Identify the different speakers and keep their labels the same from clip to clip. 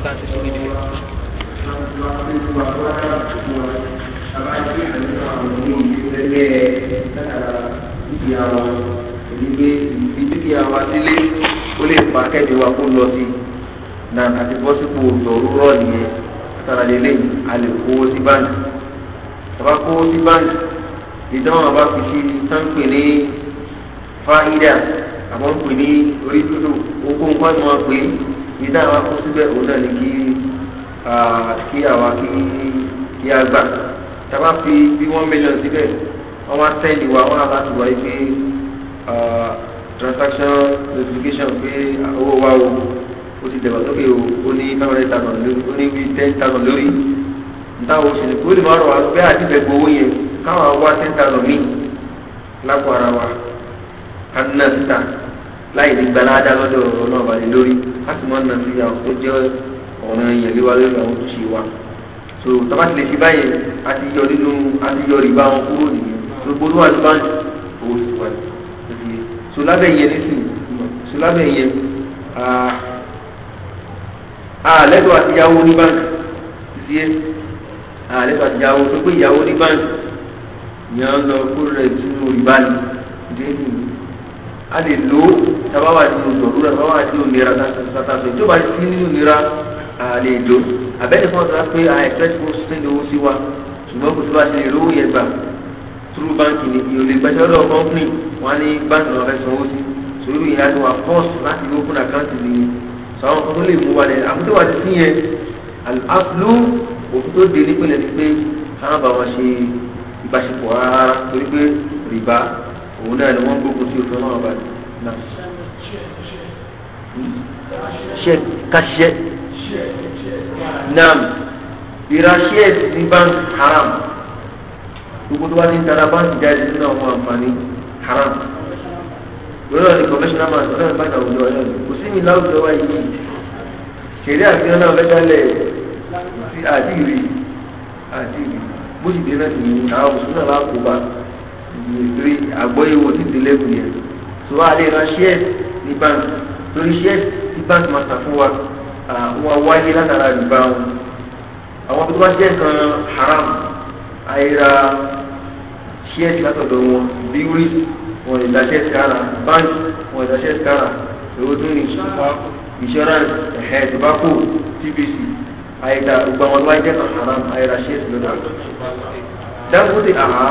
Speaker 1: kí bá ń ṣe sí
Speaker 2: gidi rẹ̀. ìdíkìá wa sílé ó lè fa kẹ́ẹ̀dé wa kó lọ sí na àti bọ́sípò tòrúrọ̀ nìyẹn látara lélẹ̀ a lè kówó sí báńkì tàbá kówó sí báńkì ìdáhùn àbá fi sí sáńpè ní fáyídà àbọ̀ ń pè ní orí dúdú ogún nǹkan tí wọ́n pè é iná wa kó síbẹ̀ òun náà ni kí kí àwa kí kí a gbà tá fi bí one million síbẹ̀ wọ́n wá sẹ́ẹ̀lì wa wọ́n á ti wá pé transaction notification pé owó wa o ó ti dẹ̀gbà sókè o ó ní five hundred thousand lórí ó ní bí ten thousand lórí ntáwọn oṣù nìkú ó lè má rọ̀ wá bẹ́ẹ̀ àti gbowó yẹn káwọn wá ten thousand míì lápò ara wa ká ná síta láì ní gbalada lọ́dọ̀ ọlọ́run balẹ̀ lórí láti mọ́ nà sí àwọn tó jẹ́ ọ̀ràn èèyàn lé wa lórí àwọn tó ṣe wa so tọ́ba ti lè ṣe báyìí a ti yọ nínú a ti yọ rìbá wọn kúrò nìyẹn gbogbo olúwa ti bá owó ti wà ní so lábẹ́ yẹn nísìnyí so lábẹ́ yẹn àlẹ́dọ̀ àti yàwó ní báńkì ti yé àlẹ́dọ̀ àti yàwó tó gbé ìyàwó ní báńkì yẹn lọ kó rẹ̀ sínú ni a lè lò ó tàbá wà nínú ìdòwúrọ̀ tàbá wà nínú ìlera tàbí tí ó bá ti nínú ìlera a lè lò àbẹ́lẹ̀ fún ọ̀sán pé a expect kó send owó sí wa ṣùgbọ́n kò sí bá ti lè lówó yẹn gbà through bank ni ìyẹn lè gbàṣẹ́ lọ́wọ́ company wọn ní bank náà fẹ́ sanwó sí sòwúrò yìí láti wà force láti open account nìyẹn sọ àwọn kan tó lè mú wa lẹ àkútó wa ti sí yẹn àlù òfin tó dé nípìnlẹ̀ ni pé àwọn bá wọn ṣe òun náà ni wọ́n gbógun sí òfin náà bá náà. ṣe kàṣẹ naam ìraṣẹ ní bank haram gbogbo tó bá ti ń tara báńkì jáde nínú àwọn àǹfààní haram lọ́dọ̀ ní commercial man lọ́dọ̀ ní báńkì àwùjọ ọ̀yọ́ ni kò sí mi láwùjọ wa yìí ṣeré àfihàn náà fẹ́ dálẹ̀ sí àdìrí àdìrí bó sì dé náà sì àwọn mùsùlùmí náà bá kó bá nítorí àgbọ́yé wo ti délé wù yẹn tó wà lè ra shares ní bank torí shares tí bank máa tà fún wa wọn wáyé látara ìgbà wọn àwọn tó bá jẹ́ nǹkan haram àìra shares látọ̀dọ̀ wọn bí wí wọn lè da shares kára bank wọn lè da shares kára èwo tó ní insurance ẹ̀hẹ́ tobacco tbc àìda ìgbà wọn wáyé jẹ́ nǹkan haram àìra shares lọ́dọ̀ àgbà. dákúndé àhá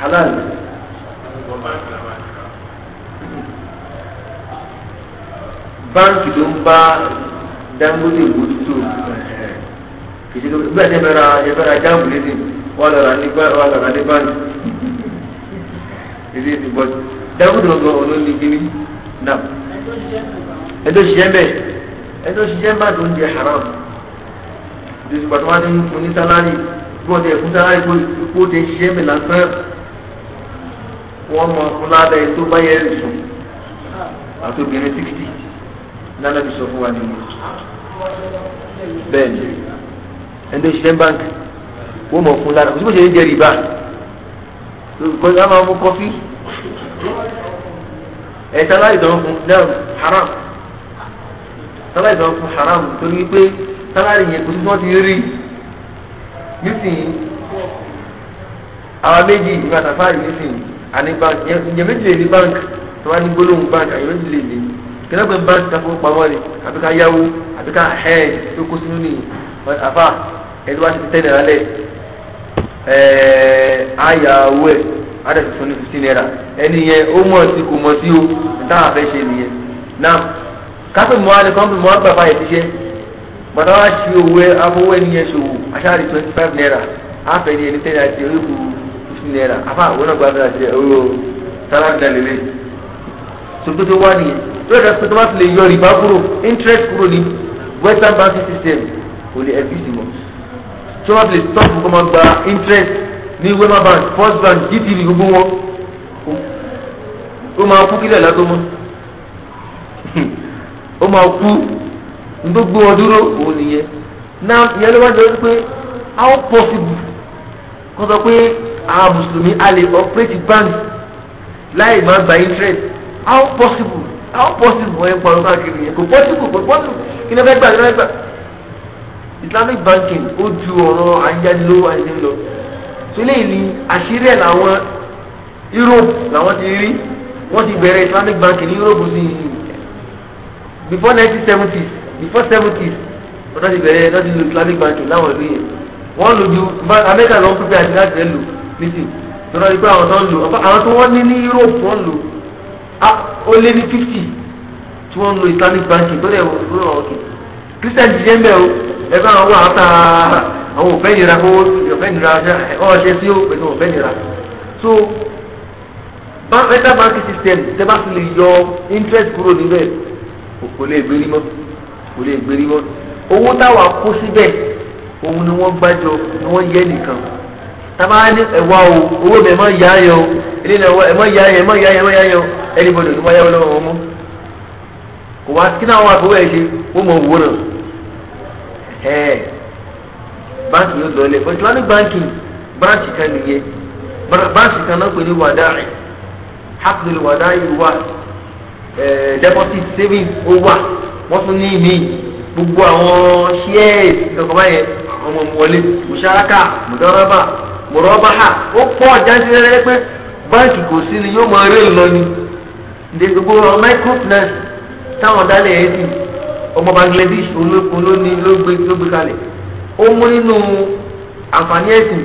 Speaker 2: halal. báńkì ló ń bá dangote mójútó kìsìkò bẹ́ẹ̀ ni ẹ̀fẹ̀ra ẹ̀fẹ̀ra jáàmù lédè wà lọ́ra ní wà lọ́ra ní báńkì èdè ti bọ́ dangote ló ń bọ̀ olóńgbé kiri náà ẹ̀dọ́ ṣiṣẹ́ bẹ́ẹ̀ ẹ̀dọ́ ṣiṣẹ́ bá tó ń jẹ haram ìdòsùpàtàwá ní onísálárì gbọ́dọ̀ ẹ̀fún sálárì kó o tẹ ṣiṣẹ́ bẹ́ẹ̀ lásán wọ́n mọ fún ládàá ètò báyẹ̀ rì sùn àti obìnrin sixty nana bí sọ fún wa nínú bẹ́ẹ̀ ni ẹni ṣiṣẹ́ báńkì wọ́n mọ fún ládàá kò sí bó ṣe ń jẹ rìbá kò sí àwọn ọmọ kọfí ẹ̀ta láì dán fún náà haram sáláì dán fún haram torí pé sáláì yẹn kò sí wọ́n ti rí nísìnyí àwọn méjì ìgbà tàfáà yìí nísìnyí àní bank ìyẹn méjì lè ní bank tó bá ní gbólóhùn bank àyè méjì lè ní kí lóògbé bank káfó pamọ́ a àbí ká yáwó àbí ká hẹ́ẹ̀ tó kó sínú ní àfà ẹni wá ti ti tẹ́lẹ̀ lálẹ́ ẹ̀ẹ́ àyàwó ẹ̀ adẹ̀sí fún ní fifteen naira ẹni yẹn ó mọ̀ sí kò mọ̀ sí o táwọn afẹ́ ṣe nìyẹn náà káfíń mọ́ àni kọ́ńpì mọ́ àgbà báyìí ti ṣe gbàdá wá ṣe owó ẹ afọwọ́ o yẹn ṣòwò aṣáájú twenty five naira àfẹ́ ni ẹni tẹ́lẹ̀ àti orí kùrù fifty naira àbá àwọn náà gbàdúrà sí owó sálárìdà lélẹ̀ sokoto wà ní yóò dá sokoto máa fi lè yọ rìbá kúrò interest kuro ni western banking system kò lè ẹbí sí mọ́ tí wọ́n fi lè stop kó máa gba interest ní wema bank first bank gtv gbogbo wọn ó máa kú kílẹ̀ látó mọ́ ó máa kú gbogbo ọdúró òun nìyẹn náà ìyẹn ló wá jọ pé how possible kó sọ pé. àwọn mùsùlùmí a lè operate bank láì máa gba interest how possible how possible wọ́n yẹ pọ̀ lọ́wọ́ àkèrè yẹn kò possible kò possible kí ni wọ́n fẹ́ gbà kí ni wọ́n fẹ́ gbà islamic banking ó ju ọ̀rọ̀ ayánilówó àyè lọ tó lè ní àṣírí ẹ̀ làwọn Europe làwọn ti rí wọ́n ti bẹ̀rẹ̀ islamic banking ní Europe sí before nineteen seventies before seventies wọ́n ti bẹ̀rẹ̀ wọ́n ti lo islamic banking láwọn ìlú yẹn wọ́n lò ju America lọ́wọ́ pípẹ́ àti láti ẹ̀ lò méjì tọ́lá yìí pé àwọn náà lò àwọn tó wọ́n ní ní Europe wọ́n lò ó lé ní fifty tí wọ́n ń lo Islamic banking tó lè wọ́n lọ́wọ́ kì Christian ti jẹ́ ń bẹ̀ o ẹ àwọn àwọn ta àwọn òfẹ́ nira kó òfẹ́ nira ọ̀ṣẹ́ sí o pẹ̀lú òfẹ́ nira so better banking system tẹ́ bá fi lè yọ interest kúrò níbẹ̀ kò lè gbérí mọ́ kò lè gbérí mọ́ owó táwa kó síbẹ̀ òun ni wọ́n gbájọ ni wọ́n yẹ nìkan tàbá ní ẹ̀wà o owó mi ẹ̀ má yá yẹn o ilé náà ẹ̀ má yá yẹn ẹ̀ má yá yẹn ẹ̀ má yá yẹn o ẹni bọ̀dọ̀ ló má yá lọ́wọ́ wọn mú kò wá kí náà wọn àfọwọ́ ẹ̀ ṣe wọ́n mọ̀ owó náà ẹ̀ báńkì yóò lọlé fún islamic banking báńkì kan nìyẹn báńkì kan náà pè ní wàdáì hakdul wàdáì wà deposit savings ó wà wọ́n tún ní ìmí gbogbo àwọn shares kankan mọ̀rọ́bà hà ó pọ̀ jáde rẹ́rẹ́ pé báńkì kò sí ni yóò máa rí lọ ni ǹdẹ microfinance táwọn dálẹ̀ ẹ̀ dì ọmọ Bangladesh olóni ló gbé kalẹ̀ ó mú nínú àǹfààní ẹ̀sìn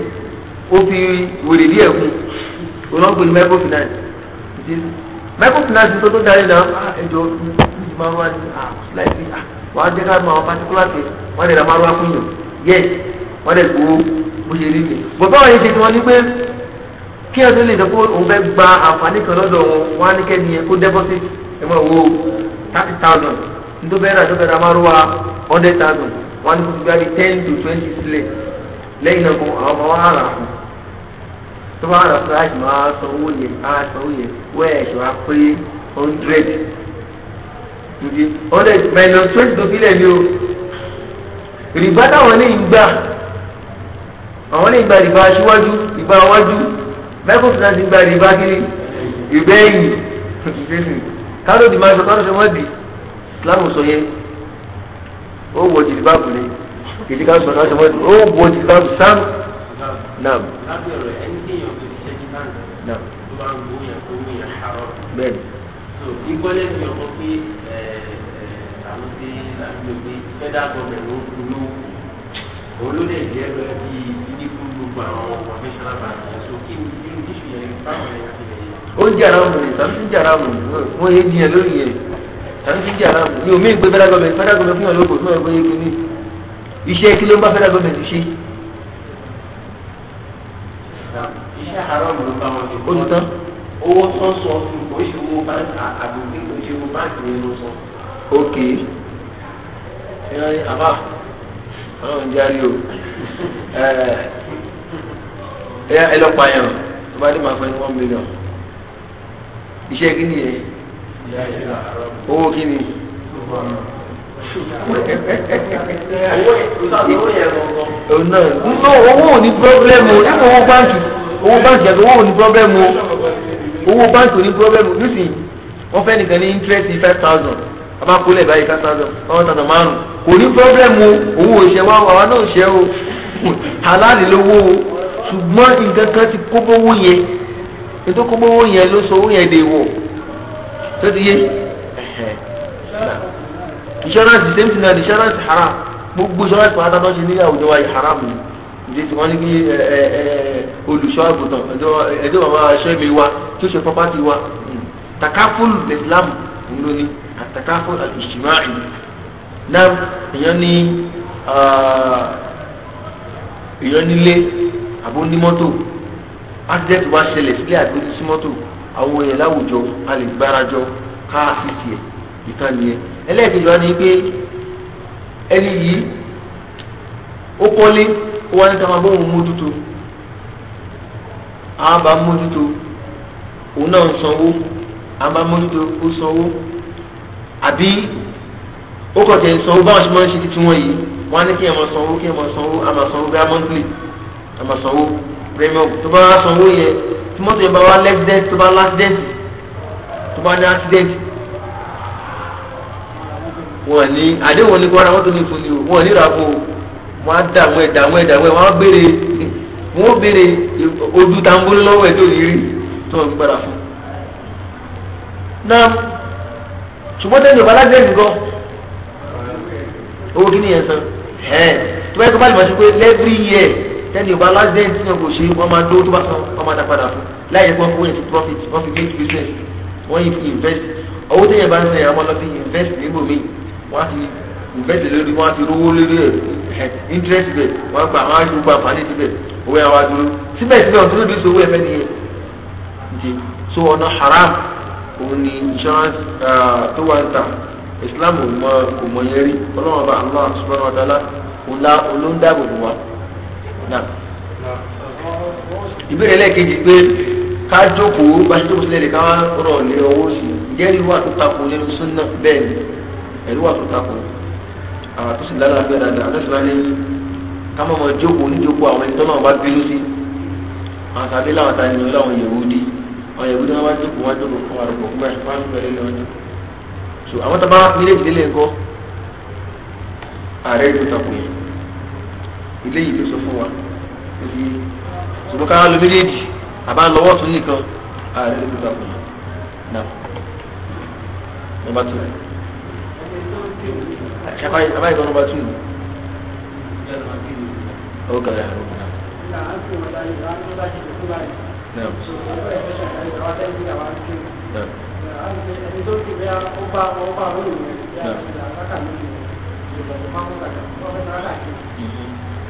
Speaker 2: ó fi wèrè díẹ̀ kù olóńgbò ní microfinance microfinance tó tó darí náà ẹjọ́ ìdìmọ̀ràn láìpẹ́ jẹ́ ká mọ àwọn particular case wọ́n lè ra wọ́n lè gbowó. ó yẹ léde bọ̀bá wọn yìí ṣe tiwọn ni kí ẹ lè dọ́kọ́ òun gba àǹfààní kan lọ́dọ̀ wọn wọn ní kẹ́ni kó deposit ẹ máa wo thirty thousand ntọ́fẹ́rẹ́ àtọ́fẹ́rẹ́ hundred thousand ní ten to twenty sílẹ̀ lẹ́yìn náà kó àwọn ọmọ wa rà fún tó bá rà fún àjùmọ̀ àsanwó yẹ àsanwó yẹ wẹ́ẹ̀sì wa pé hundred hundred n'i twenty fi n'i àwọn ní ìgbà ìgbà aṣíwájú ìgbà iwájú michael finance ìgbà ìgbà kiri ìgbà ẹ̀yìn káró di máa sọ káró sọ wọn di islam sọ yẹ ó wọ jìdí báàbù ni kìdí káró sọ káró sọ wọn di ó wọ jìdí báàbù sam nam. bẹ́ẹ̀ni. so ìgbọ́lẹ̀ fi ọkọ pé àwọn tí láti lò pé federal government ló
Speaker 1: gbogbo àwọn conventional bank yẹn so kí ni irú iṣu yẹn báwọn yẹn ti lè yẹ. ó jàrá
Speaker 2: mu ni sàmùsùn jàrá mu ni wọ́n yé jiyàn lórí yẹn sàmùsùn jàrá mu ni omi ìgbé fẹ́rẹ́ gọ́ọ̀mẹ̀ntì fẹ́rẹ́ gọ́ọ̀mẹ̀ntì fún ọ̀lọ́gbọ̀n fún ọ̀gbọ̀n yẹn kìíní iṣẹ́ kí ló ń bá fẹ́rẹ́ gọ́ọ̀mẹ̀ntì ṣe. iṣẹ́ àárọ̀ ló bá wọn ṣe. ó ti owó tó ń sọ fún oṣù báńkì àgbègbè oṣù báńkì ni mo sọ. ok. ẹ ẹ àbá àwọn ìjáde o. ẹ̀yà ẹ lọ pààyàn tó bá dé máa fẹ́ ní one million iṣẹ́ kí ni yẹn owó kí ni. owó
Speaker 1: náà owó ò ní pírọ́blẹ́mù nínú owó báńkì owó báńkì yàtọ̀ owó ò ní pírọ́blẹ́mù owó báńkì ò
Speaker 2: ní pírọ́blẹ́mù nísìnyí wọ́n fẹ́ nìkan ní interest five thousand ọba kólẹ̀ báyìí five thousand five thousand márùn kò ní pírọ́blẹ́mù owó òṣèwọ́ àwa náà ṣẹ́ o aláàdínlówó o ṣùgbọ́n nǹkan kan ti kó bówó yẹn ètò kó bówó yẹn ló sọ owó yẹn dè wò tó ti yé insurance the same thing na insurance haram gbogbo insurance pàtàkì àtàkùn ṣe ní àwùjọ wa haram ni ìdí tí wọ́n ní kí olùṣọ́ àgùntàn ẹjọ́ bàbá aṣọ mi wa tí ó ṣe property wa takaful islam ló ní àtakaful al-ijtima'i náà èèyàn ní ah, èèyàn nílé àbó ní mọ́tò accident wa ṣẹlẹ̀ sílé àgbélé sí mọ́tò àwọn èèyàn láwùjọ a lè gbárajọ ká àṣìṣe ẹ̀ ìtàn nìyẹn ẹlẹ́ẹ̀kejì wa ni pé ẹni yìí ó kọ́lé ó wá ní tàwọn abóhùn mójútó àwọn bá mójútó òun náà ń sanwó àwọn bá mójútó ó sanwó àbí ó kọ̀ ń sanwó báwọn ṣe máa ń ṣe ti tiwọn yìí wọ́n á ní kí ẹ̀ máa sanwó kí ẹ̀ máa sanwó àmà sanwó bí a máa ń gbé ọmọ sanwó premium tó bá wá sanwó yẹn tí mọ́tò yẹn bá wá lẹ́gídẹ́ntì tó bá lásídẹ́ntì tó bá ní ásídẹ́ntì wọn ní àdéhùn ní kwara wọn tó ní fúnni o wọn ní ìràpò wọn á dààmú ẹ dààmú ẹ dààmú ẹ wọn á béèrè wọn ó béèrè ojú tambó lọ́wọ́ ẹ tó yìí rí tó wọn gbára fún. náà ṣùgbọ́n tẹ́lẹ̀ ìbálá gbé nǹkan owó kí ni yẹn san ẹ̀ tó bá yẹ kó bá lè máa ṣe pé every year tẹ́lẹ̀ ìbá lásìdẹ́ǹtì náà kò ṣe wọ́n máa dówó tó bá san wọ́n máa dá padà fún láì yẹ kó wọ́n profit wọ́n fi make business wọ́n yìí fi invest owó tẹ́yẹ̀ bá ń sẹ́yìn àwọn lọ sí invest nígbò míì wọ́n á fi invest lórí wọ́n á fi rówó lórí ẹ̀ interest bẹ̀ wọ́n gba àwọn aṣọ gba àǹfààní síbẹ̀ owó yẹn wá dúró síbẹ̀síbẹ̀ ọ̀tún lóde ìṣòwò ẹ̀fẹ́ nìyẹn ǹjẹ́ so ọ̀nà haram òun ni insurance tó wà ń Islam ò mọ kò mọ yẹn rí ọlọ́run Allah subhanahu wa ta'ala òun lá olóńdàbò náà. ìbéèrè lẹ́ẹ̀kejì pé ká jókòó gbàṣẹ́jọ́ kò sílẹ̀ lè ká rọ̀ ní ọwọ́ sí i ǹjẹ́ ìlú wà tó takò nínú súnà bẹ́ẹ̀ ni ẹ̀lú wà tó takò àwọn tó sì lára abẹ́ lọ́sọ̀rọ̀ ni ká mọ̀ mọ̀ jókòó ní jókòó àwọn ẹni tó náà bá bínú sí àwọn tàbí láwọn tani ní ọlọ́run yẹ̀wòdì àwọn yẹ̀wòdì wọn bá jókòó wọn jókòó fún àrùkò fún ẹ̀ fún àrùkò ẹ̀ lọ́jọ́ so àwọn tó bá wá pín ilé ìdílé eléyìí ló sọ fún wa ebi ṣùgbọ́n ká lo méjèèjì àbá lọ́wọ́ tún nìkan ààrẹ ló gbà pọ̀ náà nọ́mbà tù àbáyé kan nọ́mbà tù ní.
Speaker 1: ó kà á rò náà.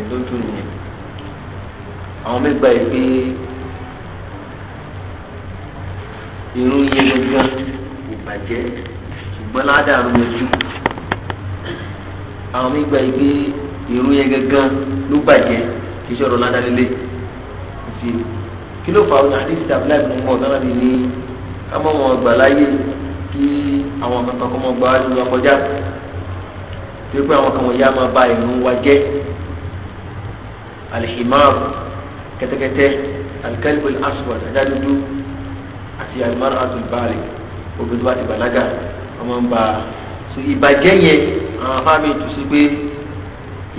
Speaker 2: ẹ̀dójú nìyẹn àwọn mẹ́gbà yìí pé irun yẹ gbọ́ngàn kò bàjẹ́ ṣùgbọ́n ládàrú lójú àwọn mẹ́gbà yìí pé irun yẹ gángan ló bàjẹ́ kì í ṣọ̀rọ̀ ládàlélẹ̀ ti kí ló fà ọ́nà àdéhùn tàbí láì fún ọ̀gá náà ní kámọ́ wọn gbà láyé kí àwọn kankan kọ́ mọ́ gbà wá lórí ọkọjá tó pé àwọn kan wọ̀nyí á máa ba ìrún wa jẹ́ alhimar kẹ́tẹ́kẹ́tẹ́ alkalbu aswad adadudu àti alimara atulbari obìnrin wa ti balaga ọmọ ń ba so ìbàjẹ́ yẹn àwọn afáàmì tù sí pé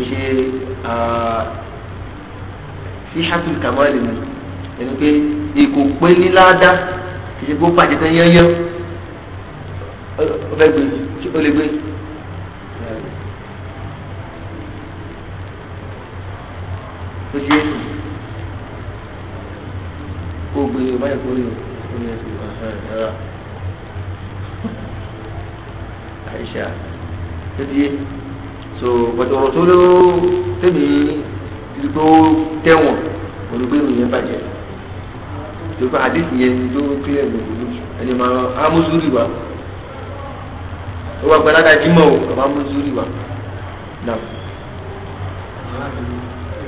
Speaker 2: ìṣe síhàtúl kàmáàlì ni ẹni pé èkó pé níláàdá ìṣègbó pàjẹ́ tán yẹ́yẹ́ ó lè gbé tó dé ètò kó gbé e báyìí kó rí o kó ní ètò ẹ̀rọ àìsà tó dé so pàtàkì tó ló tẹ̀lé tó tẹ̀wọ̀n olùgbé mi yẹn bàjẹ́ tó bá àdéhùn yẹn tó kílẹ̀ gbogbo ẹni máa amúsùlùmí wa ó wà gbọ́dọ̀ adájú mọ́ o àmọ́ wa náà.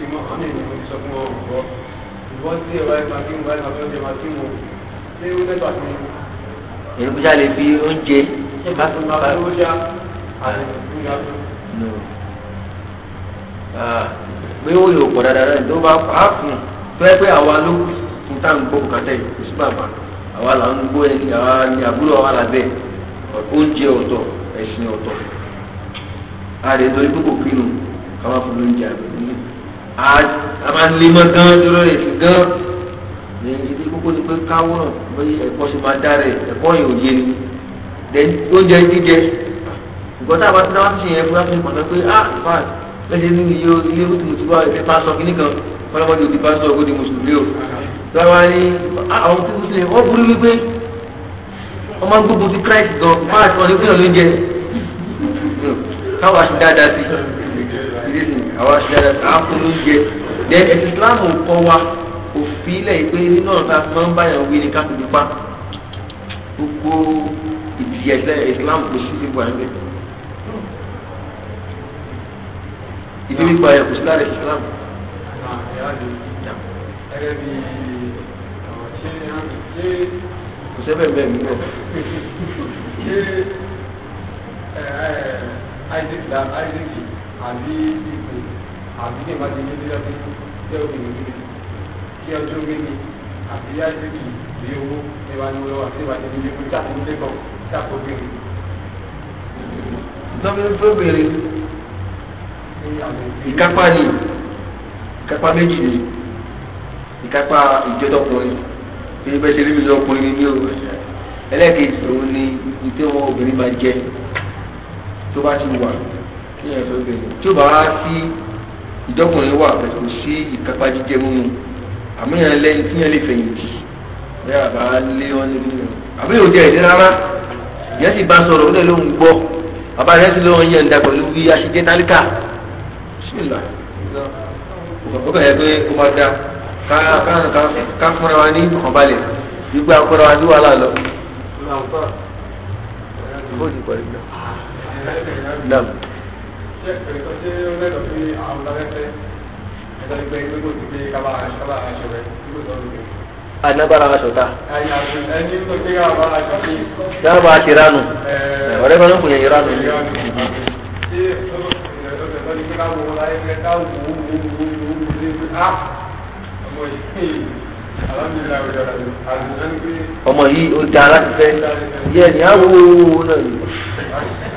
Speaker 2: ti mọ́ ọ́nà ìlú mo ti sọ fún ọ gbọ́ ìwọ́n tí ẹ̀rọ ẹ̀ máa kí n bá ẹ̀ máa fẹ́ jẹ máa kí n wò ṣé ó lẹ́gbà sí i. èròjà lè fi oúnjẹ. ṣé bá tó máa bá èròjà àti ìgbà tó. pé ó yóò pọ̀ dáadáa rẹ̀ tó bá a kùn tó pé àwa ló kùn tá à ń gbọ́ bùkátà yìí sí bàbá àwa là ń gbọ́ ẹni àwa ni àbúrò àwa là bẹ́ẹ̀ oúnjẹ ọ̀tọ̀ ẹ̀sìn ọ̀tọ̀ àrẹ̀ nítorí pé kò kínú káwọn fún lóúnjẹ àgbẹ̀ nílé a ah, máa ń lé mọ́ dúró rẹ̀ sí gán ní ìdí kókó ni pé káwọ́ bí ẹ̀kọ́ ṣe máa dá rẹ̀ ẹ̀kọ́ yẹn ò yé ni oúnjẹ jíjẹ nǹkan tá a bá ti dá wá sí yẹn fún wa fi mọ̀ náà pé ah fine lẹ́sẹ̀ nínú iye ilé ó ti mú ti wá ẹ̀ bá sọ kíní kan fọlọ́mọdé òdi bá sọ ògo di mùsùlùmí o lọ́wọ́ ni ah, àwọn tí mùsùlùmí wọ́n burú wípé ọmọ gbogbo ti Christ gan máa sọ ní pé ọ̀lóúnjẹ káwá sí dáadáa sí i rationalism àwa ṣẹlẹ̀ àkùnú yẹ then ẹ̀sìn islam kọ́ wa òfin ilẹ̀ yìí pé nínú ọ̀tá máa ń báyàn wí ní káfíńtì pa gbogbo ìdíyẹ islam kò sí ìwà ń bẹ
Speaker 1: ìdí wípé ayọ̀ kò sí lára islam. kò sẹ́bẹ̀ bẹ́ẹ̀ mi bọ̀.
Speaker 2: ṣé àìsí islam àìsí islam àbí ìpè àbí ní ìbájú ní bílíọ̀ pé ṣé o kìí gbé ṣé ọjọ́ méje àbí yájú kì í lé owó ní ìbájú lọ́wọ́ àti ìbájú ní ilé kúta ní ilé kan ṣàkó bèrè.
Speaker 1: lọ́bìnrin tó bèrè
Speaker 2: ìkápá ni ìkápá méjì ni ìkápá ìjẹ́dọ́kùnrin bí bẹ́ẹ̀ ṣe rí mi lọ́kùnrin ní òwe ẹlẹ́ẹ̀kejì òun ni ìtẹ́wọ́ obìnrin máa jẹ tó bá ti wà kí ẹ ló bẹ̀rẹ̀ tí ó bá wá sí ìjọkùnrin wà bẹ̀rẹ̀ kò sí ìkápá jíjẹ múmu àmúyàn lẹ́yìn tí yẹn lè fẹ̀yìntì bẹ́ẹ̀ àbá lé wọn ní mímu àbí yóò jẹ́ ìdí rárá ìyẹn sì bá sọ̀rọ̀ ó lè lóun gbọ́ bàbá rẹ̀ sì lóun yẹn ń da pẹ̀lú bí a ṣe jẹ́ tálíkà sílà ó kàn yẹ pé ó máa da ká fúnra wa ní ọ̀balẹ̀ gbígbé akọ́ra wa ní wàhálà lọ. Nam ṣé pẹ̀lú
Speaker 1: ṣé ó lẹ́tọ̀ọ́ pé àwọn ọ̀dọ́fẹ́fẹ́ ẹ̀dọ́ ìgbẹ́ ìgbẹ́ ọmọ yìí ó da láti fẹ́ yẹ ni á wo náà yìí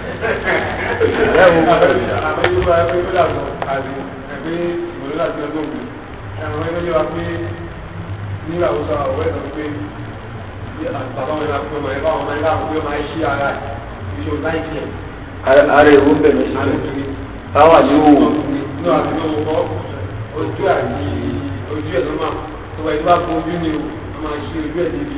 Speaker 1: nígbà wo sọ àwọn ẹ̀rọ pé àtàwọn ẹ̀rọ pé wọ́n ẹ̀rọ àwọn ẹ̀rọ
Speaker 2: pé wọ́n máa ṣí ara ìṣòro láì jẹ́. ara ìwú ń bẹ̀rẹ̀ sí i káwọn àti wò. inú àti owó kọ́ ojú àti ojú ẹ̀ ló máa
Speaker 1: tó wà ní bá fún ojú ni o máa ṣe ojú ẹ̀ níbi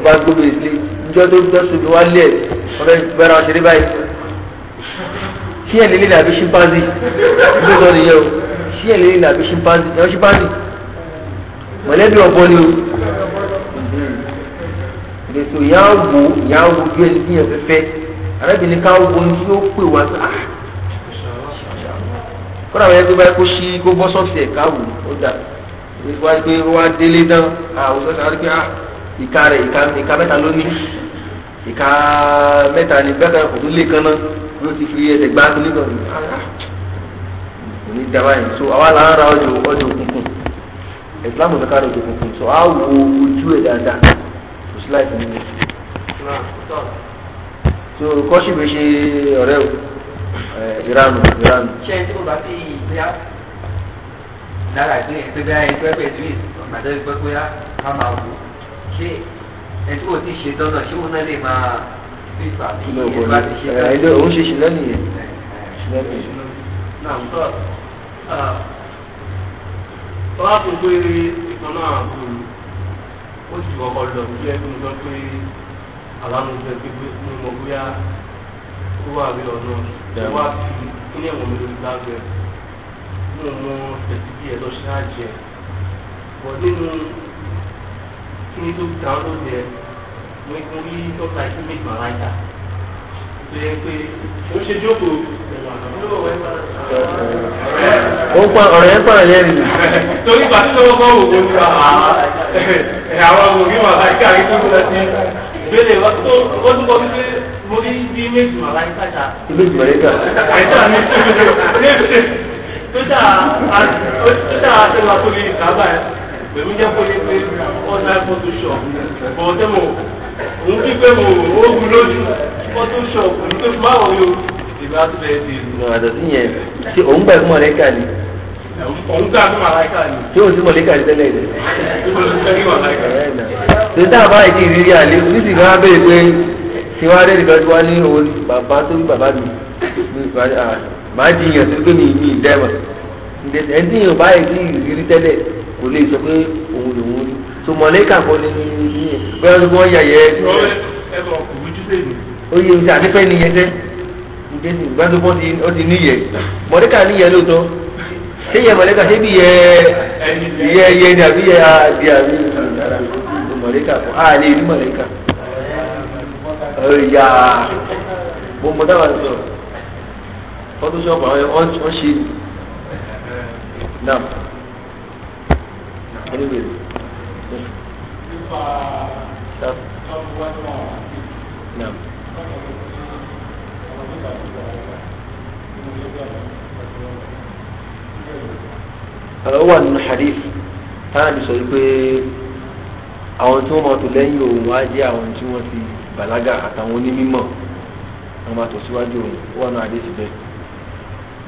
Speaker 2: tó bá gbódò ìdílé ìjọ tó jọ sóbi wá lé ẹ wọn fẹẹ bẹ̀rẹ̀ wọn ṣeré báyìí ṣí ẹ lélẹ àbí ṣimpanzi ló sọ nìyẹn o ṣí ẹ lélẹ àbí ṣimpanzi ẹ ṣimpanzi mọ̀lẹ́bí ọ̀bọ ni o ètò ìyá wò ìyá wò bí ẹni bí yẹn fẹfẹ arábìnrin ká wò ní tí ó pè wá sí ah kọ́nà àwọn ẹgbẹ́ báyìí kó ṣí kó bọ́ sọ́ọ̀sì ẹ̀ ká wò ó dà wọ́n wá délé dán àwọn sọ́ọ̀sì àwọn ẹgbẹ́ ah ìka rẹ̀ ìka ìka mẹ́ta ló ní ìka mẹ́ta ni bẹ́ẹ̀ kò tún lé kan náà ló ti fi ẹsẹ̀ gbá sí nígbà ah, ah. òní daba yìí so àwa là ń ra ọjọ́ ọjọ́ òkùnkùn ìsìlámù ní ká ra ọjọ́ òkùnkùn so àá wo ojú ẹ̀ dáadáa kò sí láì fún mi. so kọ́ṣì mi ṣe ọ̀rẹ́ o ìranu eh, ìranu. ṣé ẹni tí mo bá fi ìgbéyà dára ìgbéyà ìgbéyà ìgbéyà ìgbéyà ìgbéyà ìgbéyà ká máa wò ó ṣé ẹtí kò tí ì ṣe tọ́nà ṣé òun náà lè máa fi fà bí ìyẹn bá ti ṣe tọ́nà. ẹ ẹ òun ṣe ṣe lẹ́nu yẹn. náà tọ́ tọ́lá tó gbé ìkan náà àbúrò hmm, ó ti kọ́kọ́ lọ sí ẹgbẹ́ mi lọ pé àwọn ọmọ ìgbẹ́ pé mo mọ̀ bóyá ó wà bí ọ̀nà ó wà sí ilé ìwọ̀n mi lórí lábẹ́ mo mọ ẹ̀sìn bí ẹ̀ lọ ṣáàjẹ́ bọ̀ nínú kí ni dókítà olóde ẹ mo ní mo ní dókítà kí mi gbà láyà tó yẹ pé ó ṣe jókòó ó pa ọ̀rọ̀ yẹn pààrọ̀ yẹn nìyí. torí ìgbà tí lọ́wọ́ bọ́ọ̀ wò ló wà àwọn òbí wà láìka rí tó lọ sí ìbéèrè wa tó
Speaker 1: ó tún bọ́ wípé mo ní bí méjì wà láìka ṣá. ilé ìgbà yẹn kà. àìsà mi tó ṣe
Speaker 2: tó ṣe àti wà tó lè kábàá yẹn pẹ̀lú jẹ́ kó yẹ pé online photoshop bọ̀wọ̀ tẹ́ mọ̀ òun kí pé mo ò wú lójú photoshop òun pé má wọ̀ yóò ìgbà tó bẹ̀rẹ̀ sí ìlú. àtọ̀ sí yẹn ṣé òun gbà fún mọ̀lẹ́kà ni.
Speaker 1: òun gbà fún mọ̀lẹ́kà
Speaker 2: ni. ṣé òun sí mọ̀lẹ́kà ni tẹ́lẹ̀ rẹ̀. ṣé tá a bá ìdí ìrírí àlè níbi ìgbà bẹ́ẹ̀ pé tí wàá rẹ́ nìkan tí wàá ní owó bàbá tó bí bàbá mi màá di yàn tó gbé mi ìdẹ́mọ̀ ẹ̀ńtí kò lè sọ pé òun lòun rí tó mọ̀lẹ́kà kò lè ní yí bẹ́ẹ̀ ló wọ́n yà yẹ ẹ́ sí ẹ. oye nta nípa ènìyàn jẹ́ nígbà tí ìgbà tó bọ́ ó ti níyẹ mọ̀lẹ́kà níyẹ lóòótọ́ ṣé yẹ mọ̀lẹ́kà ṣé bí yẹ yẹ yẹ ni àbí yẹ àbí àbí mọ̀lẹ́kà á lè mọ̀lẹ́kà. ọ̀yà mo ṣe anyway. nípa ọdún wájú àwọn àti ọmọ tó bá ti wà lọ́wọ́ nínú ẹgbẹ́ àwọn ọ̀rọ̀ wà nínú hadith táàdì sọ pé àwọn tí wọ́n máa tò lẹ́yìn òun wá jẹ́ àwọn tí wọ́n ti bàlágà àtàwọn onímọ̀ wọ́n máa tò síwájú òun wà nínú hadith bẹ́ẹ̀.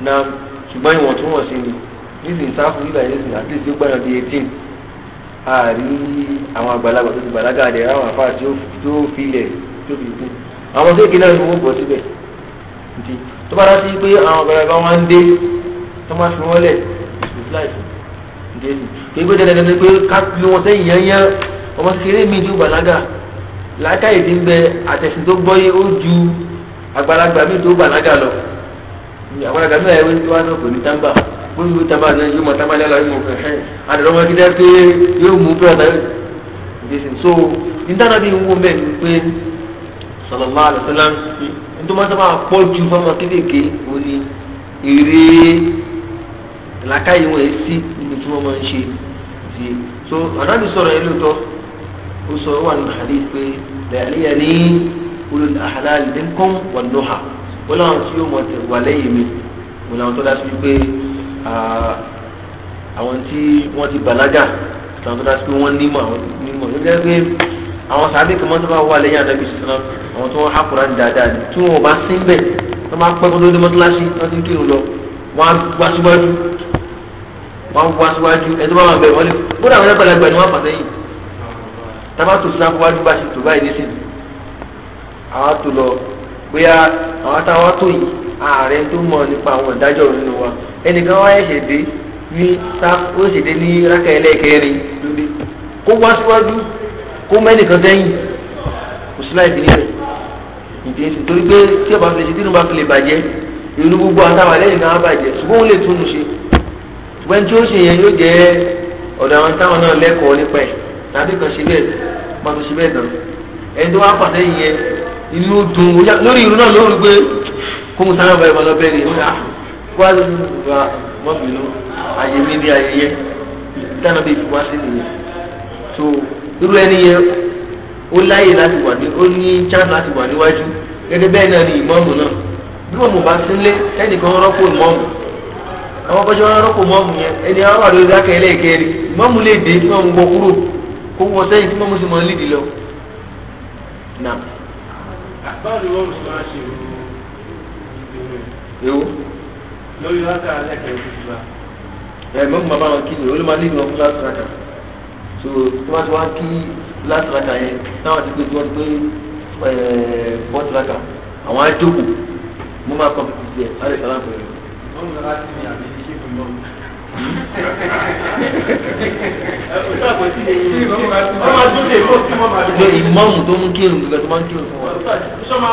Speaker 2: na ṣùgbọ́n ìwọ̀ntúnwọ̀nsí ni nísìnyí sáfù nígbà yẹn sì àti ìsìn gbọ́dọ̀ di eighteen àrí àwọn àgbàlagbà tó ti bàlágà rẹ̀ ráwọn àfa tí ó filẹ̀ tó fi kú àwọn tó kéde àwọn ìwọ́pọ̀ síbẹ̀ nti tó bá rántí pé àwọn àgbàlagbà wọn ń dé tó máa fi wọ́n lẹ̀ ìsìláìsì nti èsì kí pé dandan pé ká fi wọn sẹ́yìn yányá ọmọ kékeré mi ju bàlágà láàká ìdí ń bẹ àtẹ̀sìn tó gbọ́ yé ó ju àgbàlagbà mi tó bàlágà lọ àgbàlagbà mi àyẹ̀wò tí wọ́n náà kò ní tábà wọ́n yóò tábà náà yóò máa tábà lẹ́la yóò mọ̀ fẹ́ ẹ́ àdàlọ́ wọn kí dẹ́ yóò mú bẹ́ẹ̀ náà gbèsè so nítorí bí n wo bẹ́ẹ̀ ni pé sallallahu alaihi wasallam nítorí wọ́n sábà pọ̀ ju fọmọ kéékèèké wọ́n ní eré làákàyè wọn èsì níbi tí wọ́n máa ń ṣe sí so àdáni sọ̀rọ̀ yẹn lóòótọ́ ó sọ wà nínú hadith pé lẹ́yàlẹ́yà ní ulul ahlal minkum wan nuha wọ́n láwọn tí yóò mọ̀ tẹ̀ wà lẹ́yìn àwọn tí wọ́n ti bàlágà tàwọn tó dájú pé wọ́n nímọ̀ àwọn nímọ̀ ló jẹ́ pé àwọn sàbẹ̀ kan tó bá wà lẹ́yìn àdàbí sísan àwọn tó wọ́n hákùrá ní dáadáa ni tí wọ́n bá sí ń bẹ̀ wọ́n máa pẹ́ kótó ní mọ́tíláṣí wọ́n ti kírun lọ wọ́n á wá síwájú wọ́n á wá síwájú ẹni wọ́n máa bẹ̀rẹ̀ wọ́n lé bóra àwọn ẹgbẹ̀lẹ́gbẹ̀ ni wọ́n fà sẹ́yìn tábàtò sáfù wájú bá ṣe tó báyìí nísìnyí àwọn àtò lọ bóyá àwọn àtàwọn àtò yìí ààrẹ tó mọ̀ nípa àwọn ìdájọ́ nínú wa ẹnìkan wáyé ṣèdè ní ó ṣèdè ní rákẹ́ ẹlẹ́kẹ́rin lórí kó wá síwájú kó mẹ́nìkan sẹ́yìn kò sí láì fi níbẹ̀ ìdí èsì torí pé tí ọba fi lè ṣe tí inú bá fi lè bàjẹ́ inú gbogbo àtàwọn àlẹ́ nìkan á bàjẹ́ ṣùgbọ́n ó lè tún un ṣe ṣùgbọ́n tí ó ṣe yẹn yóò jẹ́ ọ̀dọ̀ àwọn táwọn náà lẹ́kọ̀ọ́ nípa ẹ̀ tàbí kan ṣe bẹ́ẹ̀ máa fi ṣe bẹ́ẹ̀ dán ẹni tó wá pàṣẹ yẹn inú dùn lórí ìrù náà lórí pé fún musa náà báyìí lọ bẹ́ẹ̀ ni ah, wá ló ń gba mọ́bìnú ayé mi ní ayẹyẹ dáná bíi ìfúwá sí nìyẹn tó irú ẹni yẹn ó láyè láti wà ní ó ní chance láti wà níwájú gẹ́gẹ́ bẹ́ẹ̀ náà ni ìmọ̀ọ́mù náà bí wọn mú bá sílé ẹnìkan rọ́pò ìmọ̀ọ́mù àwọn kọjọ rọ́pò mọ́ọ̀mù yẹn ẹni àwọn àdó ìdá kẹlẹ́ ìkẹrin mọ́ọ̀mù lè dé kí wọ́n wọ kúrò kó wọ́n sẹ́yìn tí mọ́ọ̀mù sì mọ́ nídìí lọ.
Speaker 1: báwo ni wọ́n mú sí ṣe ìrù ewu. lórí rákà
Speaker 2: lẹ́kẹ̀ẹ́ òkúti wa. ẹ mọ mọ báwọn kí ni olú máa nílò ọkùnrin láti rákà so tí wọ́n ti wá kí láti rákà yẹn táwọn ti gbé tí wọ́n ti gbé bọ́ọ̀tì rákà àwọn ajókòó mo máa kọ́ bìtì tiẹ̀ á lè sọ láǹfẹ̀ rẹ̀.
Speaker 1: wọ́n mú láti ní àmì iṣẹ́ fún mọ́. Ìmọ̀mù
Speaker 2: tó ń kírun gbogbo tó máa ń kírun fún wa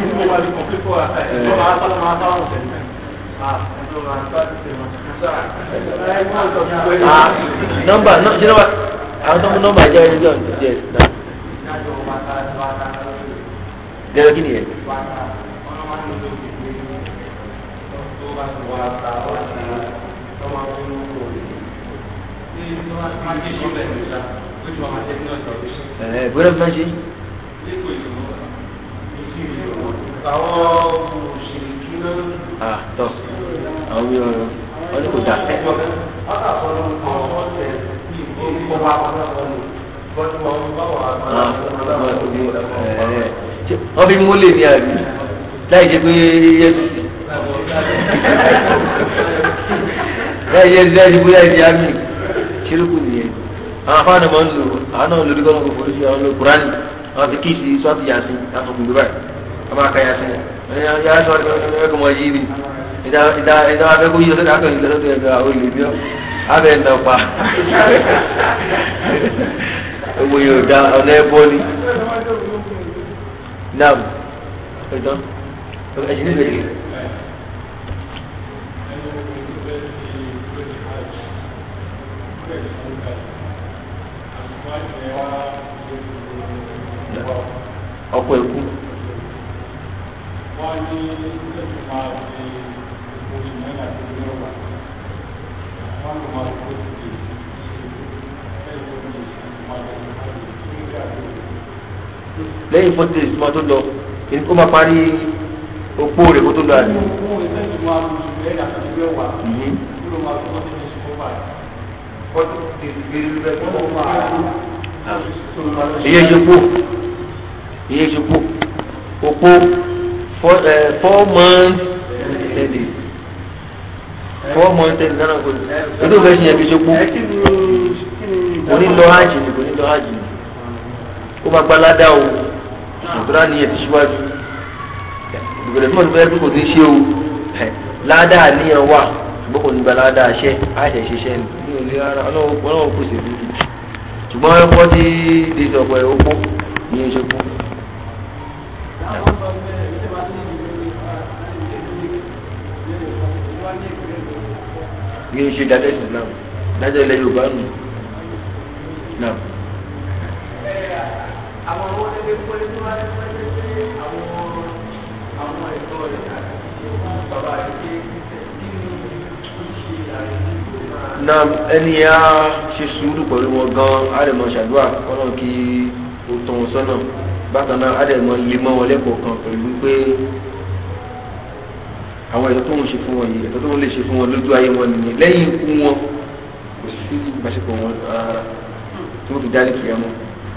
Speaker 1: nọ́mbà nọ́mbà àwọn tó mú nọ́mbà jẹ ẹni jọ ní díẹ̀ náà. gẹ́gẹ́ kí ni yẹn.
Speaker 2: ẹ gbọ́dọ̀ bí wọ́n ṣe. àwọn òṣèlú kí ló ń. àtọ àwọn yóò ah wọn ní ah dà. ẹjọ ah fún mi ah ọsẹ yìí ah kó wá ah mi bọ́dún ah bá wà ah máa ń ah wọn bí ah lè ní àbí láì jẹ pé yẹ láì ah láì jẹ ah láì jẹ àmì ṣírùkù nìyẹn àwọn afáàdà máa ń lò àwọn náà lórí kọ́nà kò forí sí àwọn lórí kúránì àwọn fi kí ah sọ́ọ̀tì yà ah àtọkùn gbé báyìí. ọmọ akanya sí ya sọ ẹkọ mọ yìí ni ìdá ìdá abẹ́kú yìí lọ́sọ̀tà akọ̀ yìí lọ́sọ̀tà ẹ̀ka olè bí ọ abẹ́ ń dọ̀pa
Speaker 1: owó yóò da ọ̀nà ẹ̀bọ́ ni
Speaker 2: nam ẹ̀dọ́ ẹ̀jẹ̀ nílẹ̀ yìí. ọkọ̀ ẹ̀kú
Speaker 1: wọ́n ní ẹ̀sùn máa fi oṣù mẹ́ta tó ní ọ̀wà wọ́n lọ máa
Speaker 2: lẹ́yìn fún tèèsì máa tó lọ èyí kó máa parí opó rẹ̀ kó tó lọ àná. Mm-hmm. ìyẹn ṣe kú ìyẹn ṣe kú opó. Uh, four months, four months ten days four months ten days nana ko edo fẹ́ ṣe yẹn fi ṣokú
Speaker 1: òní lọ hajj
Speaker 2: ni òní lọ hajj ni ó máa gbalada o ìdúrà ni yẹn ti ṣíwájú ìdúgbò lẹ́nu mọ̀tò fẹ́ẹ́ kò ní ṣe o ládàá níyàn wà ṣùgbọ́n kò ní gba ládàá ṣẹ́ àṣẹ ṣiṣẹ́ ni mi ò ní rárá ọlọ́wọ́ kò sí ìlú ṣùgbọ́n ẹ̀kọ́ tí dèjọ́ ọ̀pọ̀ ẹ̀ ó kó ní oṣù kú. bí ó ṣe dájọ́ islam dájọ́ ilẹ̀ yorùbá nù. àwọn owó tẹ́lẹ̀ pẹ́lú tó wá pẹ́lú pé
Speaker 1: àwọn àwọn ẹ̀tọ́ rẹ̀ àti bàbá rẹ̀ pé kí ni ó ṣe àrètí tó máa. náà
Speaker 2: ẹni á ṣe sùúrù pẹ̀lú wọn gan-an á lè mọ ṣàdúrà kọ́nà kí ó tọ̀ wọn sọ́nà bákan náà á lè mọ lè mọ́ wọn lẹ́kọ̀ọ́ kan pẹ̀lú pé àwọn ẹ̀tọ́ tó ń ṣe fún wọn yìí ẹ̀tọ́ tó ń lè ṣe fún wọn lójú ayé wọn nìyẹn lẹ́yìn ikú wọn kò sí ìbáṣepọ̀ wọn rárá tí wọ́n fi dá lẹ́kìá mọ́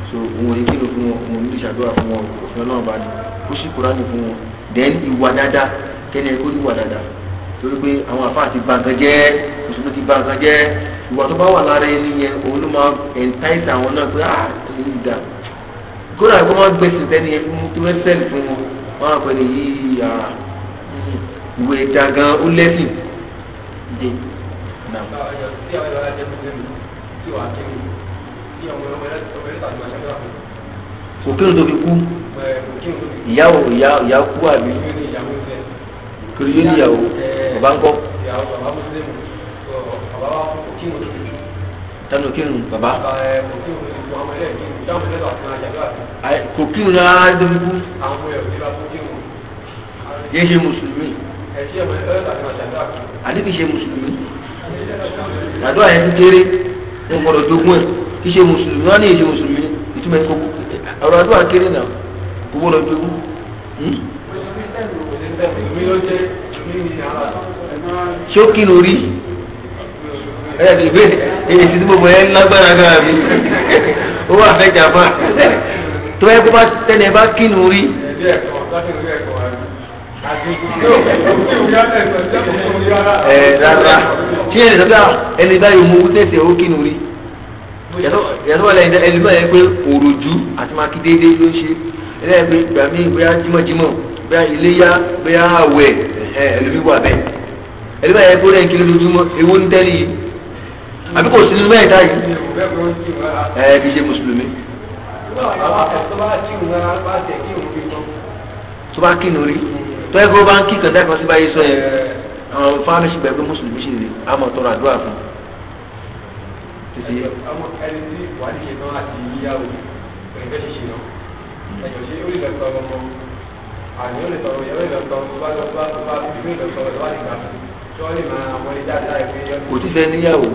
Speaker 2: so òun yìí kílò fún wọn òun ní ìṣàdúrà fún wọn òfin ọlọ́run bá ní ó sì kúránì fún wọn then ìwà dáadáa kẹ́ni ẹ̀kọ́ ní ìwà dáadáa torí pé àwọn àfáà ti ba nǹkan jẹ́ mùsùlùmí ti ba nǹkan jẹ́ ìwà tó bá wà lára ẹni yẹn òun ló máa entice àwọn náà pé ah ẹni ìdá kódà kó máa gbèsè tẹ́ni yẹn fún tó fẹ́ sẹ́ẹ̀lì fún wọn wọn àpẹẹrẹ yìí yàrá ìwé dangan ó lẹ́sìn dé. òkèrè tó fi kú ìyàwó ìyàwó kú àbí kiri yóò níyàwó ọba ńkọ. tanu kírun baba. kò kírun náà ló fi kú. yéé ṣe mùsùlùmí. àdébí ṣe mùsùlùmí
Speaker 1: àdúrà yẹn ti kéré ní gbọ́dọ̀ jogún ẹ
Speaker 2: kí ṣe musulumi wọn ní ìṣe mùsùlùmí ìtumọ̀ ẹ̀kọ́ ọ̀rọ̀ àdúrà kéré náà hmm?
Speaker 1: ṣé ó kí èyí gbogbo ẹ lágbára
Speaker 2: mi tó ẹ kó bá bá kí ẹ eh, rárá kí ẹnì sọ́kà ẹni báyìí mo tẹ̀sẹ̀ ó kí ni orí yàtọ̀ wà lẹ́yìn ẹni báyìí pé òròjú àti máa kí déédéé ló ń ṣe ẹlẹ́yìn pé ìgbà míì bóyá jímọ̀jímọ̀ bóyá iléyá bóyá àwẹ̀ ẹlòmí wà bẹ́ẹ̀ ẹni báyìí tó ẹ gbọ́ bá ń kí kàtà kan sí báyìí sọ ẹ àwọn fáwọn ṣì gbẹgbẹ mùsùlùmí ṣì lè àmọ́ tọrọ àdúrà fún títí. àmọ́ ẹni tí wàá ní ṣe náà àti yíyáwó ẹgbẹ́ ṣíṣe náà ẹ̀yọ̀ ṣe ó lè lọ tọrọ ọmọ àní ó lè tọrọ ìyàwó lè tọrọ bá lọ bá lọ bá ìwé lè tọrọ lọ́wọ́ nígbà tí wọ́n lè máa àwọn ilé jáde láì fi yẹ. kò tí fẹ́ níyàwó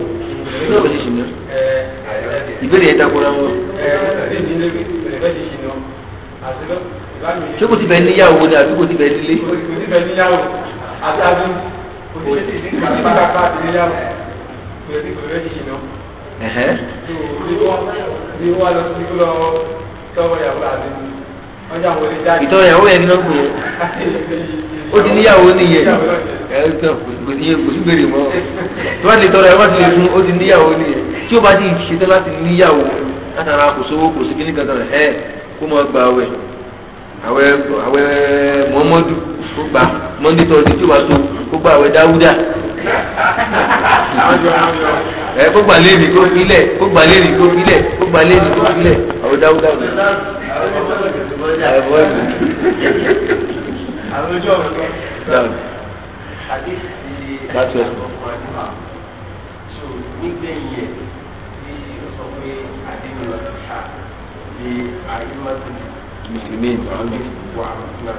Speaker 2: ẹgbẹ́ ṣíṣe náà ìbéèrè yẹn takora wọn. ẹ ṣé kò ti bẹ níyàwó ni àbí kò ti bẹ nílé. kò ti bẹ níyàwó àti àbí kò ti ti ní bàbá àti níyàwó kò ti kò rẹ́ ṣìṣì náà. ẹ̀hẹ́. ní wọ́n lọ sí lọ tọ́wọ́ ìyàwó àti ọjà wọlé jáde. ìtọ́ ìyàwó yẹn náà kò ó ti níyàwó nìyẹn ẹ kò sí kò sí béèrè mọ́ tí wọ́n lè tọrọ ẹ wọ́n ti lè fún ó ti níyàwó nìyẹn tí ó bá ti ṣetán láti níyàwó látara kò sówó kò sí kíní kan tọrọ ẹ kó mọ gbà wẹ̀ àwẹ̀ àwẹ̀ mọ́mọ́dù kó gbà mọ́ndé tọ́jú tí wàá tó kó gbà àwẹ̀ dáwúdà ẹ kó gbà lé ní kó filẹ̀ kó gbà lé ní kó filẹ̀ kó gbà lé ní kó filẹ̀ àwẹ̀ dáwúdà wò.
Speaker 1: àwọn ojú ọ̀rọ̀ náà àdéhìí ẹ̀ka
Speaker 2: ọ̀kan muslimin wà náà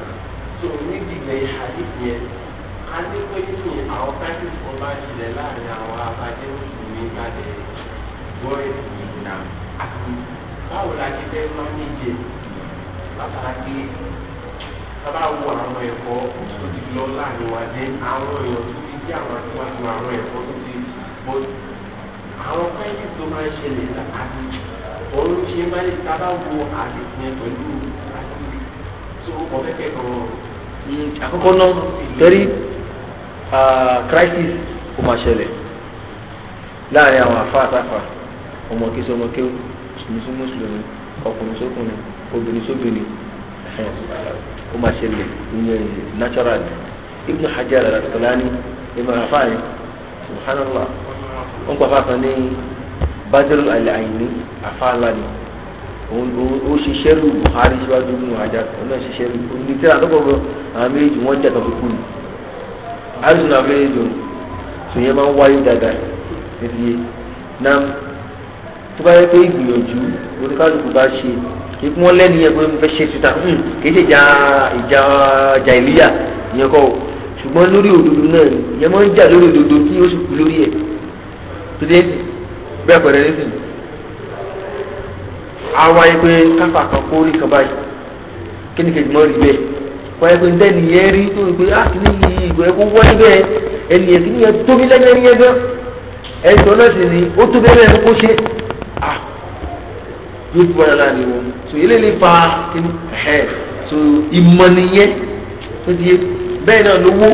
Speaker 2: so níbi ìgbẹ́ hadith yẹn a ní pé ní àwọn practice kan bá ṣẹlẹ̀ láàrin àwọn abájẹ́ mùsùlùmí kalẹ̀ gbọ́rẹ̀ yìí nà àti báwo la ti fẹ́ mánéjì látara pé sábà wo àwọn ẹ̀kọ́ tó ti lọ láàrin wa dé àwọn èèyàn tó ti jẹ́ àwọn àtiwájú àwọn ẹ̀kọ́ tó ti bọ́ àwọn practice tó máa ń ṣẹlẹ̀ àti òun ṣe máa ń sábà wo àdìsí yẹn pẹ̀lú Hmm, àkọ́kọ́ náà tẹ́rí crisis kò máa ṣẹlẹ̀ láàrin àwọn àfa àtàfà ọmọ kí sọmọ kí mùsùlùmí sí mùsùlùmí ọkùnrin sókùnrin obìnrin sóbìnrin kò máa ṣẹlẹ̀ ìyẹn natural Ibn Hajar al-Asqalani ìmọ̀ àfa yẹn subhanallah wọn gbà fáfá ní Badr al-Aini àfa ó ṣiṣẹ́ lu buhari síwájú nínú ajá kan náà ṣiṣẹ́ lu ní tí àdókò bọ àwọn méjì wọ́n jẹ́ àtọ́ fífú ni àdùnnú àwọn méjì dùn sòyẹn máa ń wáyé dáadáa níbi yé na tó bá yẹ pé ìgbìyànjú oníkálukú bá ṣe ikú wọn lẹ́nu yẹn pé mo fẹ́ ṣe tuta hmm, kéde ìjà ìjà ìjà ìlíyà ìyẹn kọ́ ṣùgbọ́n lórí òdodo náà ìyẹn máa ń jà lórí òdodo kí ó sì kú lórí ẹ̀ tó dé bẹ́ẹ̀ pẹ̀lẹ́ àwa yìí pé káfà kan kó rí kan báyìí kí ni kejì mọ́ rí bẹ́ẹ̀ wáyé pé ntẹ́ nìyẹn rí tó rí pé á ah, kì í yí ìgbà ẹ̀kọ́ wáyé bẹ́ẹ̀ ẹnìyẹn kì í yẹn tóbi lẹ́yìn ẹ̀rí yẹn gan ẹ̀sọ́ náà sì ni ó tóbi lẹ́yìn ẹ̀kọ́ ṣe à ah, yóò tó wáyé láàrin wọn so eléyìí fa kíni ẹ̀ so ìmọ̀ nìyẹn tó di bẹ́ẹ̀ náà lówó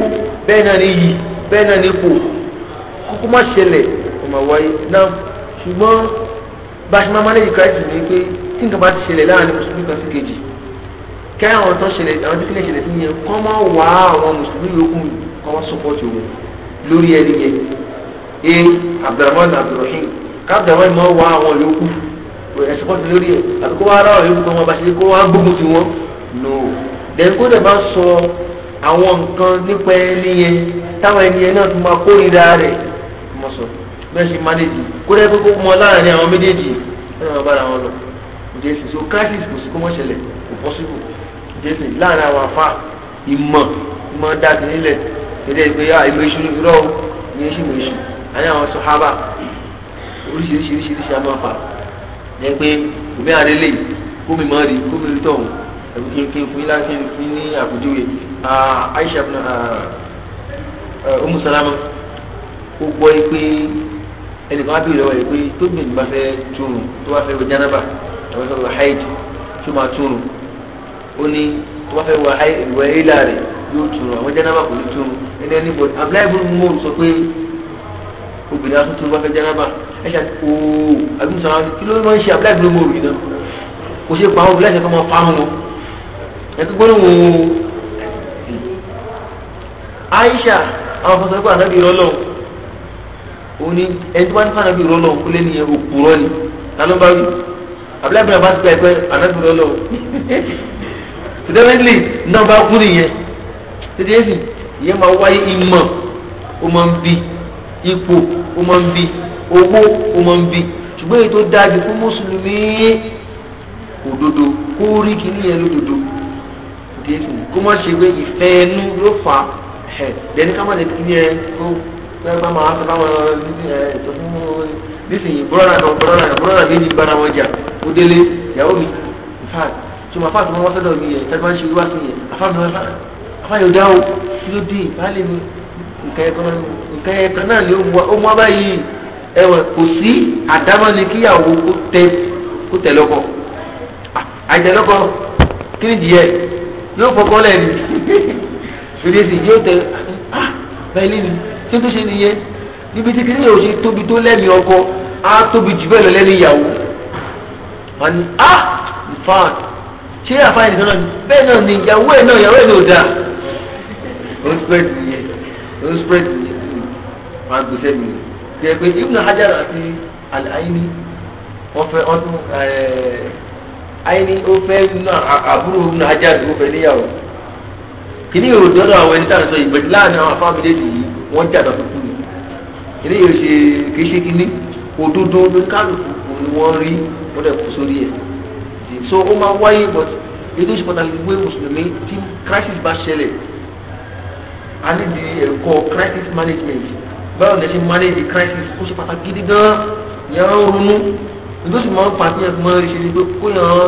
Speaker 2: bẹ́ẹ̀ na ní yìí bẹ́ẹ̀ náà ní kò kókó má ṣẹlẹ̀ ọmọ wáyé náà ṣùgbọ́n bá a ṣe máa manage crisis ni pé tí nǹkan bá ti ṣẹlẹ̀ láàrin mùsùlùmí kan sí kejì kí àwọn tó ṣẹlẹ̀ àwọn tó kílẹ̀ ṣẹlẹ̀ sí yẹn kọ́ máa wá àwọn mùsùlùmí yòókù kọ́ máa support òun lórí ẹni yẹn e abdulrahman abdulrahim kábdàwọn máa wá àwọn yòókù ẹ support lórí ẹ àbí kó wá ara àwọn yòókù kan wọn bá ṣe kó wá gbógun ti wọn no then kó dẹ̀ bá sọ àwọn nǹkan nípa ẹni yẹn táwọn ẹni yẹn náà bẹ́ẹ̀ ṣe mánéjì kódà pé kó mọ láàrin àwọn méjèèjì ẹ̀ máa bára wọn lọ òjò èsì so crisis kò sí kó mọ̀ ṣẹlẹ̀ kò possible òjò èsì láàrin àwọn afá ìmọ̀ ìmọ̀ dáàbì nílẹ̀ èdè ìgbé ah, ìmọ̀ èṣù irọ́ ní èṣù ìmọ̀ èṣù àní àwọn sọ̀hábà oríṣiríṣi oríṣiríṣi amáfa ẹ pé òbí àdélé kómi mọ́ rí kómi rí tọ̀hún ẹ̀rù kéńké fún yín láti fi ní àpèjúwe Aisha Umu Salama ó gbọ́ pé ẹnìkan á bìrì lọ́wọ́ yìí pé tóbi ní bá fẹ́ túrun tó bá fẹ́ wọ jánábà tó bá fẹ́ wọ haid tó máa túrun ó ní tó bá fẹ́ wọ ìwọ ilà rẹ̀ yóò túrun àwọn jánábà kò ní túrun ẹni ẹni bọ̀ abdullahi bùrù mú sọ pé obìnrin aṣọ túrun bá fẹ́ jánábà ẹ ṣe ooo àbímúsọ àwọn kí ló máa ń ṣe abdullahi bùrù mú òrì náà kò ṣe pa àwọn obìnrin àṣẹ kọ́ máa fa wọn ẹ kí gbọ́dọ̀ wọ Aisha àwọn afọ̀sọ̀rọ̀ òní ẹni tó bá ní fún anabi rọlọ òkú lé nìyẹn òkúrọ ni lánàá bá wí abúlé abúlé abá ti gba ẹgbẹ anabi rọlọ tìdẹ́mẹ́tìlì náà bá kú nìyẹn títí èsì ìyẹn máa wáyé ìmọ̀ ó máa ń bi ipò ó máa ń bi owó ó máa ń bi ṣùgbọ́n èyí tó dájú fún mùsùlùmí òdodo kó rí kíní yẹn lódodo títí kó má ṣe pé ìfẹ́ ẹnu ló fà ẹ̀ bẹ́ẹ̀ ká má lè kíní yẹn kó ẹgbẹ́ máa sọ báwọn ètò fún nísìnyí búrọ́nà náà búrọ́nà náà búrọ́nà méjì gbára wọn jà ó délé ìyàwó mi ìfáàt tí mo afáàtì wọn sọ́dọ̀ mi yẹ tẹ́gbọ́n ṣe wá sí yẹ afáàtì wọn afáàyò dá o kí ló dé ìbálẹ̀ mi nǹkan ẹ̀kan náà lè ó mú abá yìí ẹ̀wọ̀n kò sí àdámọ́ ni kíyàwó kó tẹ̀ lọ́kọ̀ àjẹlọ́kọ̀ kí ni dìé yóò fọkọ́ lẹ́ni ṣùgbọ́n èsì kí n tó ṣe nìyẹn níbi tí kìnìún yóò ṣe tóbi tó lẹ́mìí ọkọ á tóbi jù bẹ́ẹ̀ lọ lẹ́mìí ìyàwó wọn ni á fáwọn ṣé àfáàyè nìkan náà bẹ́ẹ̀ náà ni ìyàwó ẹ̀ náà ìyàwó ẹ̀ náà dáa ó ń spread niye, ó ń spread niye, wọn gbèsè mi jẹ pé Ibn Hajar àti Al-Aini wọn fẹ́ ọdún eh, Aini ó fẹ́ àbúrò Ibn Hajar ló fẹ́ níyàwó kìnìún yóò dọ́dọ̀ àwọn ẹni tá à sọ ìgbẹ̀dì láàrin àwọn afáàmì wọ́n jàdọ̀ tuntun ni eléyìí ṣe kì í ṣe kínní òdodo kálukú ni wọ́n rí wọ́n dẹ̀ kú sórí ẹ̀ so ó máa wáyé but ètò ìṣèpàtàkì gbé mùsùlùmí tí crisis bá ṣẹlẹ̀ a ní di ẹ̀kọ́ crisis management báwo lè ṣe manage crisis ó ṣe pàtàkì gidi gan yẹn ń ronú ètò ìṣèpàtàkì máa ń pàtó yẹn máa ń ṣe ni pé kó yẹn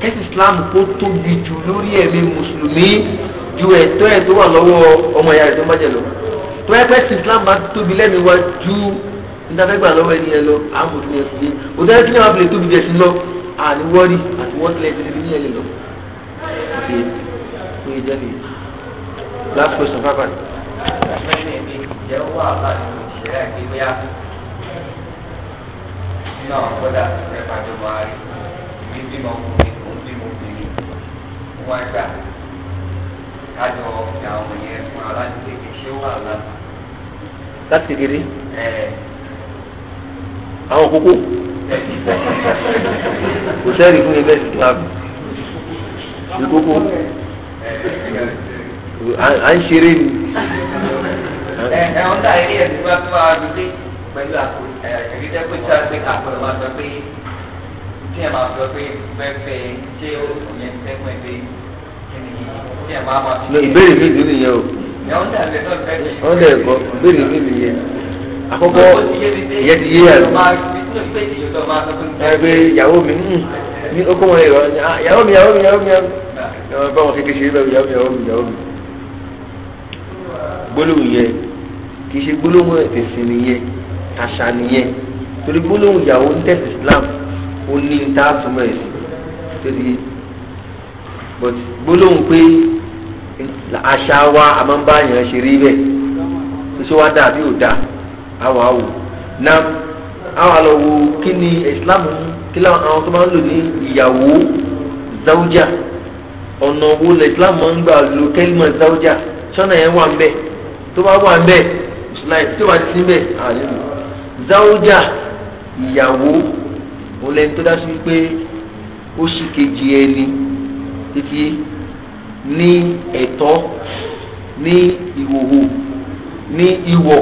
Speaker 2: kẹ́sì Islam kó tóbi jù lórí ẹ̀mí mùsùlùmí ju ẹ̀tọ́ ẹ̀ tó wà lọ́wọ́ ọmọ ìyá rẹ̀ tó ń bàjẹ́ lọ tọ́yẹ́tẹ́ sí islam bá tóbi lẹ́nu wa ju ìdáfẹ́gbà lọ́wọ́ ènìyàn lọ àmọ̀tún yẹn sí i òtẹ́rẹ́ kí wọ́n fi tóbi jẹ sí lọ àní wọ́ọ̀rì àti wọ́ọ̀tìlẹ̀ ti rí nílẹ̀ lọ. last question bye bye. wọ́n wá gbà kájọ ọ̀sẹ̀ àwọn yẹn fún aláǹdẹ̀ẹ́gbẹ̀ ṣé wà láti láti gidi eh. àwọn kúkú kò sẹ́ẹ̀rì fún ibẹ̀ sí wa ìkókó à ń ṣeré ni.
Speaker 1: ẹ ẹ ń ta ilé
Speaker 2: ẹ̀sìn wá fún wa dúdú pẹ̀lú àpò eh, ẹ̀ẹ́dẹ́gbẹ́ pé tí a gbé àpò ẹ̀ wá sọ pé tí ẹ̀ máa sọ pé fẹ́fẹ́ ṣé ó yẹn tẹ́kùn ẹ̀ pé kí ni tí ẹ̀ máa máa fi. ìbéèrè mi ìdí nìyẹn o ó lè gbọ́ bèrè bèrè yẹ àkọ́kọ́ yẹ ti yé yàrá ẹgbẹ́ ìyàwó mi hmm, ní ó kó wọn lè rọ ní ah, ìyàwó mi ìyàwó mi ìyàwó mi ìyàwó mi báwọn kékeré ṣe lọ ìyàwó mi ìyàwó mi ìyàwó mi gbólóhùn yẹ kì í ṣe gbólóhùn ẹ̀sìn nìyẹn àṣà nìyẹn torí gbólóhùn ìyàwó ń tẹ̀sí Islam ó ní ní tá a túmọ̀ ẹ̀sìn but gbólóhùn pé àṣà wa a máa ń bá yàn ṣe o bẹ́ẹ̀ ṣíṣe wá dáa bí ò dáa àwọn àwò na àwọn àlọ́wọ́ kí ni Islam kí làwọn àwọn tó máa ń lò ní ìyàwó zawja ọ̀nà wo lè Islam máa ń gbà lo kẹ́límà zawja sọ́nà yẹn wà ń bẹ̀ tó bá wà ń bẹ̀ mùsùlùmí tí wàá ti síbẹ̀ àlejò zawja ìyàwó olè ń tó dá sí wípé ó sì kejì ẹni títí ní ẹ̀tọ́ ní ìwòwò ní ìwọ̀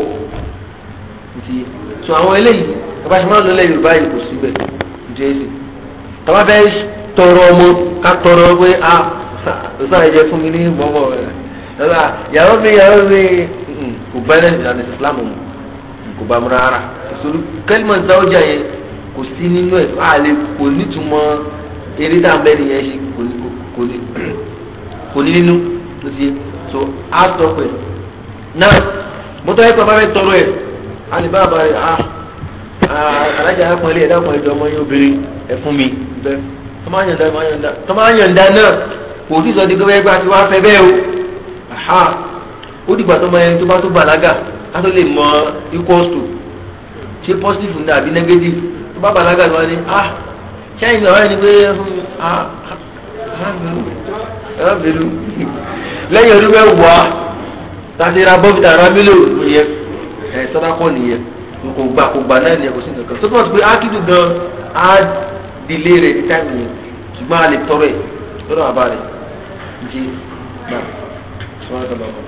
Speaker 2: ti sọ àwọn eléyìí bàbá ṣe máa ń lọ lẹ́yìn yorùbá yìí kò síbẹ̀ ǹjẹ́ èsì bàbá bẹ́ tọrọ ọmọ ká tọrọ pé a ah, ọsàn ẹ̀jẹ̀ fún mi ní mọ́mọ́ rẹ̀ lọ́la yàrá mi yàrá mi kò bá ẹ̀ ìlànà ìsìlámù mu kò bá mu rárá ìṣòro kẹ́lìmọ̀ ìdáwọ́jà yẹn kò sí nínú ẹ̀ a lè kò nítumọ̀ eré tá a bẹ́ nìyẹn ṣe kò ní kò ní nínú tó ti so á tọ́ pẹ̀lú náà mọ́tọ́ ẹ̀kọ́ bá fẹ́ tọrọ ẹ̀ á ní bábà rẹ̀ á alájà á pọ̀lẹ́ ẹ̀dá pọ̀lẹ́ ọmọ yóò béèrè ẹ̀ fún mi bẹ́ẹ̀ tọ́mọ àyàndá náà kò sí sọ di gbẹ́gbẹ́ gbà tí wọ́n á fẹ́ bẹ́ẹ̀ o aha ó dìgbà tọ́mọ ẹni tó bá tó bàlágà á tó lè mọ equals to ṣe positive ní àbí negative tó bá bàlágà lọ́wọ́ ni ah ṣẹ́yìn lọ́wọ́ ẹni pé ah ah ah ẹ̀rọ bẹ̀rù
Speaker 1: lẹ́yìn ọdún mẹ́wàá
Speaker 2: tàbí ra bọ́bítà ra mílò yẹ ẹ̀ sọ́dá kọ́ nìyẹn kò gbà kò gbà náà nìyẹn kò sí nǹkan tó kọ́ pé ákídù gan á dilé rẹ̀ ní táìmù yẹn ṣùgbọ́n a lè tọrọ ẹ̀ lọ́dọ̀ àbá rẹ̀ jí náà
Speaker 1: sọ́dọ̀ bàbá.